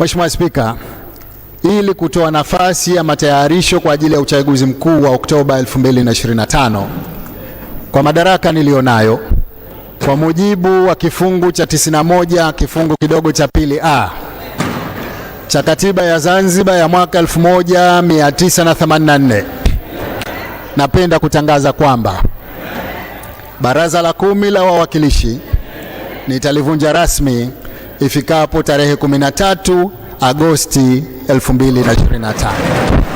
Mheshimiwa Spika, ili kutoa nafasi ya matayarisho kwa ajili ya uchaguzi mkuu wa Oktoba 2025 kwa madaraka niliyonayo kwa mujibu wa kifungu cha 91 kifungu kidogo cha pili a cha katiba ya Zanzibar ya mwaka 1984 napenda kutangaza kwamba Baraza la Kumi la Wawakilishi nitalivunja rasmi ifikapo tarehe 13 Agosti 2025.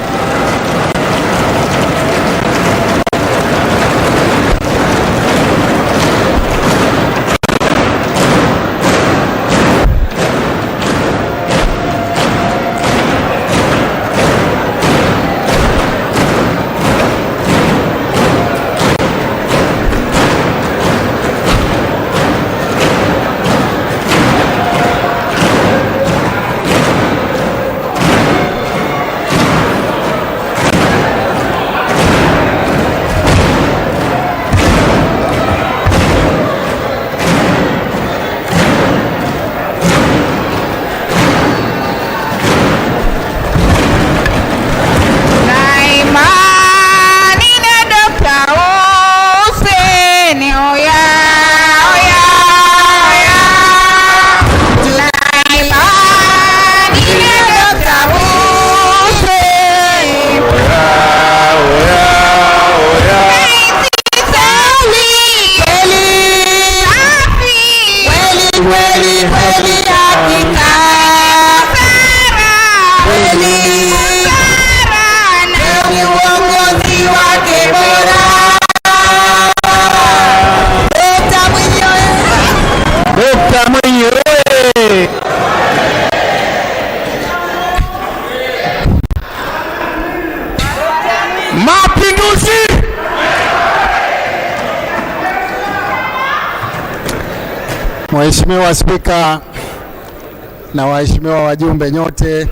Mapinduzi! Mheshimiwa Spika na waheshimiwa wajumbe nyote,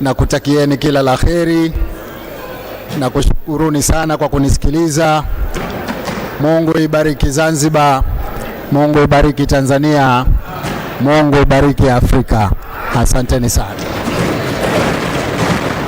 na kutakieni kila la heri na kushukuruni sana kwa kunisikiliza. Mungu ibariki Zanzibar, Mungu ibariki Tanzania, Mungu ibariki Afrika. Asanteni sana.